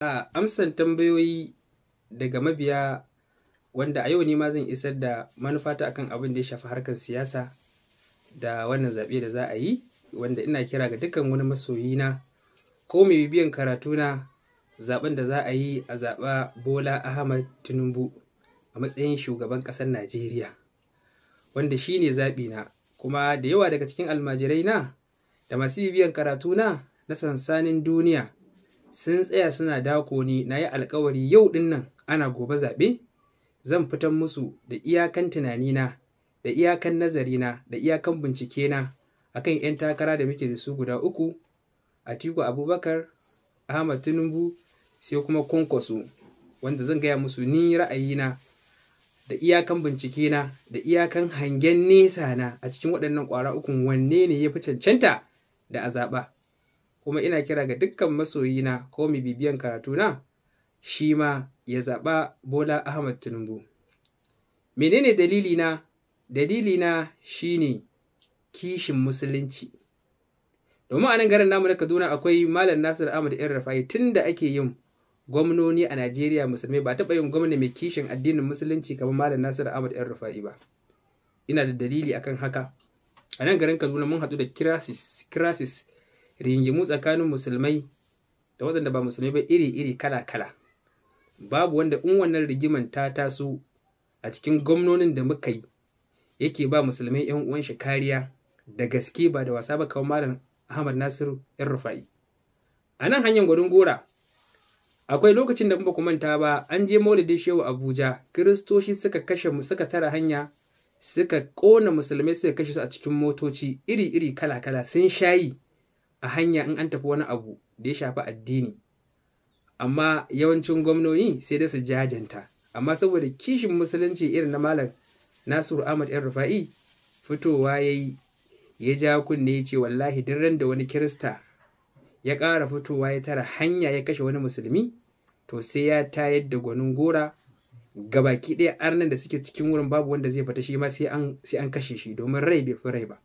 a amsan tambayoyi daga mabiya wanda a yau ne ma zan isar da manufata akan abin da ya shafi harkar siyasa da wannan zaɓe da za a yi wanda ina kira ga dukkan wani masoyina ko mai bibiyan karatuna zaɓen da za a yi a zaɓa bola ahmad tinubu a matsayin shugaban ƙasar najeriya wanda shi ne na kuma da yawa daga cikin almajirai na da masu bibiyan karatuna na sansanin duniya sun tsaya suna dako ni na yi alkawari yau dinnan ana gobe zaɓe zan fitan musu da iyakan tunanina da iyakan nazarina da iyakan bincikena akan 'yan takara da muke da su guda uku a atiku abubakar ahmad tinubu sai kuma kwankwaso wanda zan gaya musu ni ra'ayina da iyakan bincikena da iyakan hangen nesa na a cikin waɗannan ƙwara ukun wanne ne ya fi cancanta da a zaɓa kuma ina kira ga dukkan masoyina ko mai bibiyan karatuna shi ma ya zaɓa Bola Ahmad Tinubu. Menene dalilina? Dalilina shi ne kishin musulunci. Domin a nan garin namu na Kaduna akwai Malam Nasir Ahmad yar Rafai tun da ake yin gwamnoni a Najeriya musulmai ba taɓa yin gwamna mai kishin addinin musulunci kamar Malam Nasir Ahmad ‘yan Rafai ba. Ina da dalili akan haka. A nan garin Kaduna mun haɗu da Kirasis, Kirasis ringimu tsakanin musulmai da waɗanda ba musulmai ba iri-iri kala-kala babu wanda in wannan rigiman ta taso a cikin gwamnonin da muka yi yake ba musulmai 'yan uwan shi kariya da gaske ba da wasa ba kawo malam ahmad nasiru yan rufa'i a nan hanyar gwadon gora akwai lokacin da ba ku manta ba an je maulidin shehu abuja kiristoci suka kashe mu suka tara hanya suka kona musulmai suka kashe su a cikin motoci iri-iri kala-kala sun shayi a hanya in an tafi wani abu da ya shafi addini amma yawancin gwamnoni sai dai su jajanta amma saboda kishin musulunci irin na malam nasiru ahmad yan rufa'i fitowa ya yi ya ja kunne ya ce wallahi duk ran da wani kirista ya ƙara fitowa ya tara hanya ya kashe wani musulmi to sai ya tayar da gwanin gora ga baki ɗaya arnan da suke cikin wurin babu wanda zai fita shi ma sai an kashe shi domin rai bai fi rai ba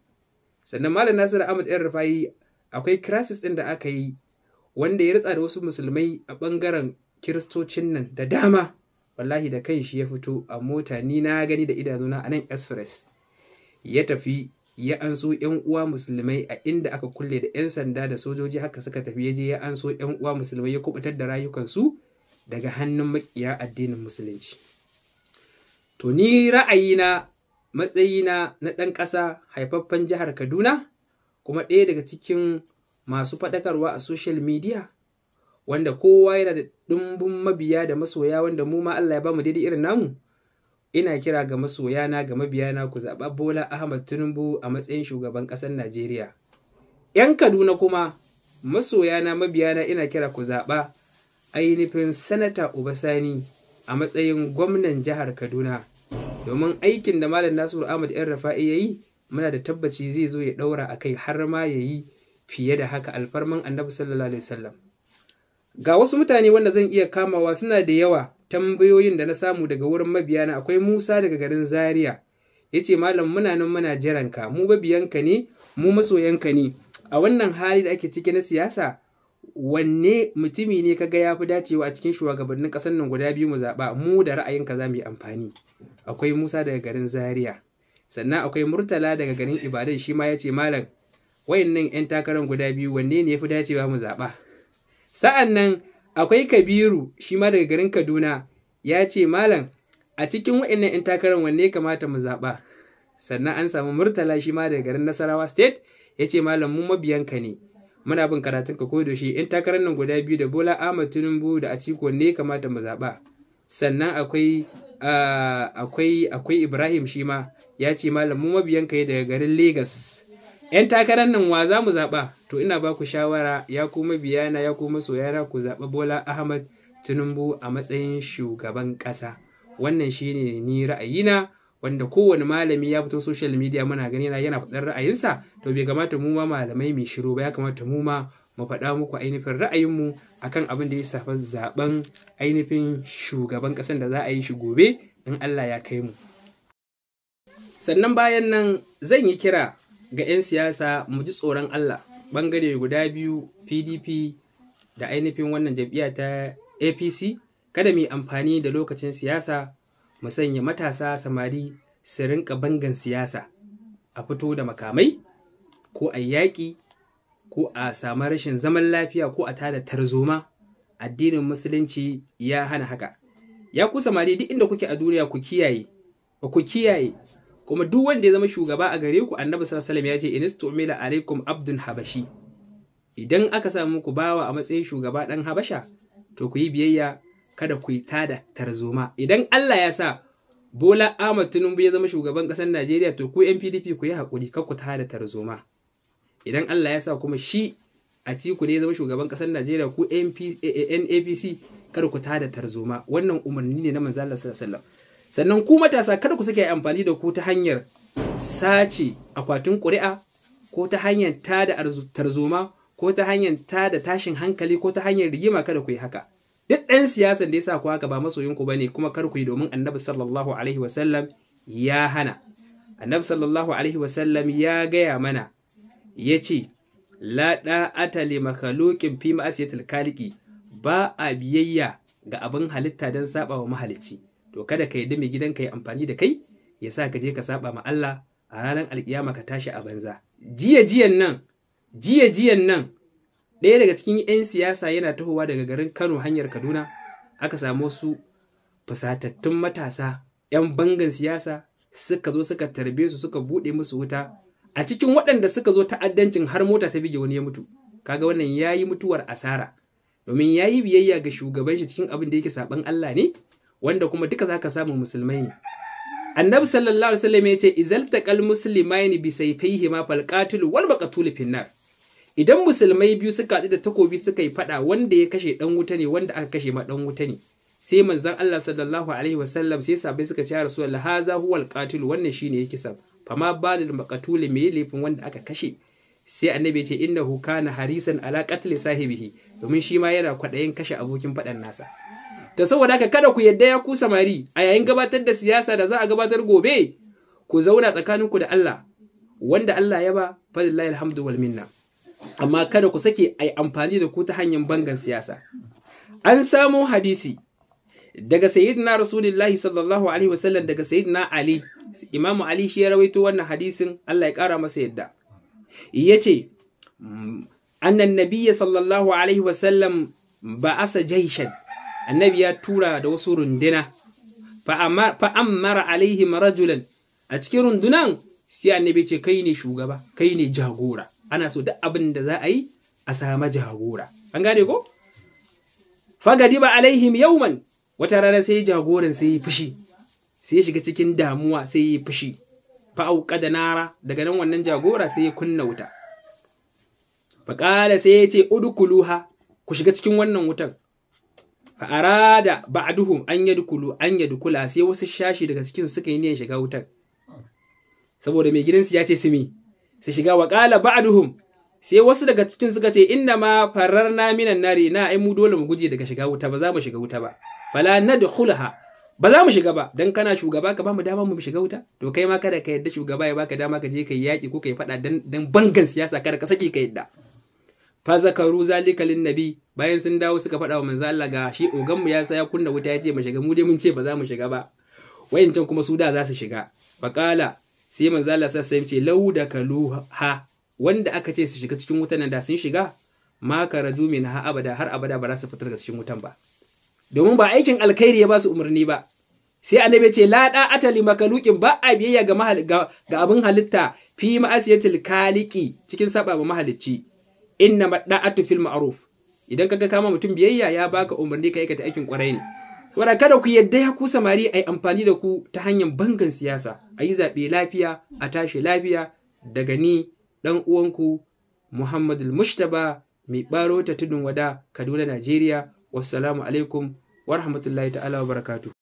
sannan malam nasiru ahmad yan rufa'i akwai crisis ɗin da aka yi wanda ya ritsa da wasu musulmai a ɓangaren kiristocin nan da dama wallahi da kan shi ya fito a mota ni na gani da idanu a nan express ya tafi ya anso yan uwa musulmai a inda aka kulle da yan sanda da sojoji haka suka tafi ya je ya anso yan uwa musulmai ya kubutar da rayukansu daga hannun makiya addinin musulunci to ni ra'ayina matsayina na ɗan ƙasa haifaffen jihar kaduna kuma ɗaya daga cikin masu faɗakarwa a social media wanda kowa yana da ɗumbin mabiya da masoya wanda mu ma Allah ya ba mu daidai irin namu ina kira ga masoyana ga mabiya na ku zaɓa Bola Ahmad Tinubu a matsayin shugaban ƙasar Najeriya. 'Yan Kaduna kuma masoya na mabiya na ina kira ku zaɓa ainihin Sanata Ubasani a matsayin gwamnan jihar Kaduna domin aikin da Malam Nasiru Ahmad yarrafai Rafa'i ya yi muna da tabbaci zai zo ya ɗaura a kai har ma ya yi fiye da haka alfarman annabi sallallahu alaihi wasallam ga wasu mutane wanda zan iya kamawa suna da yawa tambayoyin da na samu daga wurin mabiya na, akwai musa daga garin zaria ya ce malam muna nan muna jiranka mu babiyanka ne mu masoyanka ne a wannan hali da ake cike na siyasa wanne mutumi ne kaga ya fi dacewa a cikin shugabannin ƙasar nan guda biyu mu zaɓa mu da ra'ayinka za mu yi amfani akwai musa daga garin zaria sannan akwai murtala daga garin ibadan shi ma ya ce malam wayannan 'yan takarar guda biyu wanne ne ya fi dacewa mu zaɓa sa'an nan akwai kabiru shi ma daga garin kaduna ya ce malam a cikin wayannan 'yan takarar wanne ya kamata mu zaɓa sannan an samu murtala shi ma daga garin nasarawa state ya ce malam mu ka ne muna bin karatun ka kodo shi 'Yan takarar nan guda biyu da bola ahmad tinubu da aciko ne kamata mu zaɓa sannan akwai ah, akwai akwai ibrahim shi ma ya ce malam mu kai daga garin Legas. ‘Yan takarar nan wa za mu zaɓa? To ina ba ku shawara ya ku mabiyana ya ku masoyana ku zaɓa Bola Ahmad Tinubu a matsayin shugaban ƙasa. Wannan shi ne ni ra'ayina wanda kowane malami ya fito social media muna gani yana yana faɗar ra'ayinsa to bai kamata mu ma malamai mai shiru ba ya kamata mu ma mu faɗa muku ainihin ra'ayinmu akan abin da ya shafi zaben ainihin shugaban ƙasan da za a yi shi gobe in Allah ya kai mu. sannan bayan nan zan yi kira ga 'yan siyasa mu ji tsoron Allah bangare guda biyu PDP da ainihin wannan jam'iyya ta APC kada mu yi amfani da lokacin siyasa mu sanya matasa samari su rinka bangan siyasa a fito da makamai ko a yaƙi ko a samu rashin zaman lafiya ko a tada tarzoma addinin musulunci ya hana haka ya ku samari duk inda kuke a duniya ku kiyaye ku kiyaye kuma duk wanda ya zama shugaba a gare ku annabi sallallahu alaihi ya ce inistumila alaikum abdun habashi idan aka samu muku bawa a matsayin shugaba dan habasha to ku yi biyayya kada ku yi tada tarzoma idan Allah ya sa Bola Ahmad Tinubu ya zama shugaban ƙasar Najeriya to ku yan PDP ku yi hakuri kar ku tada tarzoma idan Allah ya sa kuma shi a ku ne ya zama shugaban ƙasar Najeriya ku NAPC eh, eh, kada ku tada tarzoma wannan umarni ne na manzo Allah sallallahu alaihi wasallam sannan ku matasa kada ku sake amfani da ku ta hanyar sace akwatin ƙuri'a ko ta hanyar tada tarzoma ko ta hanyar tada tashin hankali ko ta hanyar rigima kada ku yi haka duk ɗan siyasan da ya sa ku haka ba masoyinku ba ne kuma kar ku yi domin annabi sallallahu alaihi wasallam ya hana annabi sallallahu alaihi wasallam ya gaya mana ya ce la da'ata li makhluqin fi ma'asiyatil khaliqi ba a biyayya ga abin halitta don saba wa mahalicci to kada ka yadda mai ka ya amfani da kai ya sa ka je ka saba ma Allah a ranar alkiyama ka tashi a banza jiya jiyan nan jiya jiyan nan ɗaya daga cikin 'yan siyasa yana tahowa daga garin Kano hanyar Kaduna aka samu wasu fusatattun matasa 'yan bangan siyasa suka zo suka tarbe su suka buɗe musu wuta a cikin waɗanda suka zo ta'addancin har mota ta bige wani ya mutu kaga wannan yayi mutuwar asara domin yayi biyayya ga shugaban shi cikin abin da yake saban Allah ne wanda kuma duka zaka samu musulmai ne annabi sallallahu alaihi wasallam yace izal taqal muslimain bi sayfihi ma fal wal maqtul finnar idan musulmai biyu suka haɗu da takobi suka yi fada wanda ya kashe dan wuta ne wanda aka kashe ma dan wuta ne sai manzon Allah sallallahu alaihi wasallam sai sabai suka ce rasulullah haza huwal qatil wannan shine yake sa fama balil maqtul me laifin wanda aka kashe sai annabi ya ce innahu kana harisan ala qatl sahibihi domin shi ma yana kwaɗayin kashe abokin faɗan nasa Ta saboda haka kada ku yadda ya ku samari a yayin gabatar da siyasa da za a gabatar gobe ku zauna tsakaninku da Allah wanda Allah ya ba fadlillahi alhamdu wal minna amma kada ku sake ai amfani da ku ta hanyar bangan siyasa an samo hadisi daga sayyidina rasulullahi sallallahu alaihi wasallam daga sayyidina ali imamu ali shi ya rawaito wannan hadisin Allah ya kara masa yadda yace annan nabiyya sallallahu alaihi wasallam ba asa jaishan annabi ya tura da wasu runduna Fa fa'ammara alaihim rajulan a cikin rundunan sai annabi ce kai ne shugaba kai ne jagora ana so duk abin da za a yi a sama jagora an gane ko fagadi ba alaihim yauman wata rana sai jagoran sai yi fushi sai shiga cikin damuwa sai yi fushi auka da nara daga nan wannan jagora sai ya kunna wuta Baƙala sai ya ce udukuluha ku shiga cikin wannan wutan fa arada ba'duhum an yadkulu an yadkula sai wasu shashi daga cikin suka yi niyan shiga wutar saboda mai gidansu ya ce simi su shiga wa qala ba'duhum sai wasu daga cikin suka ce inna ma fararna minan nari na ai mu dole mu guje daga shiga wuta ba za mu shiga wuta ba fala nadkhulha ba za mu shiga ba dan kana shugaba ka ba mu dama mu shiga wuta to kai ma kada ka yadda shugaba ya baka dama ka je kai yaki ko kai fada dan dan bangan siyasa kada ka saki ka yadda fa zakaru zalika lin nabi bayan sun dawo suka faɗa wa manzo Allah ga shi ogan mu ya sa ya kunna wuta ya ce mu shiga mu dai mun ce ba za mu shiga ba wayancan kuma su da za su shiga faqala sai manzo Allah sa sai ce lau da kaluha wanda aka ce su shiga cikin wutan nan da sun shiga ma karaju min ha abada har abada ba za su fitar da cikin wutan ba domin ba aikin alkhairi ya ba su umarni ba sai annabi ce la da atali makalukin ba a biyayya ga ga abin halitta fi ma'asiyatil kaliki cikin saba mahalicci inna madda'atu fil ma'ruf idan kaga kama mutum biyayya ya baka umarni ka aikata aikin kwarai ne wanda kada ku yadda ya ku samari a yi amfani da ku ta hanyar bangan siyasa a yi zaɓe lafiya a tashi lafiya daga ni ɗan uwanku Muhammadul Mushtaba mai ɓaro ta tudun wada Kaduna Najeriya wassalamu alaikum wa rahmatullahi ta'ala wa barakatu.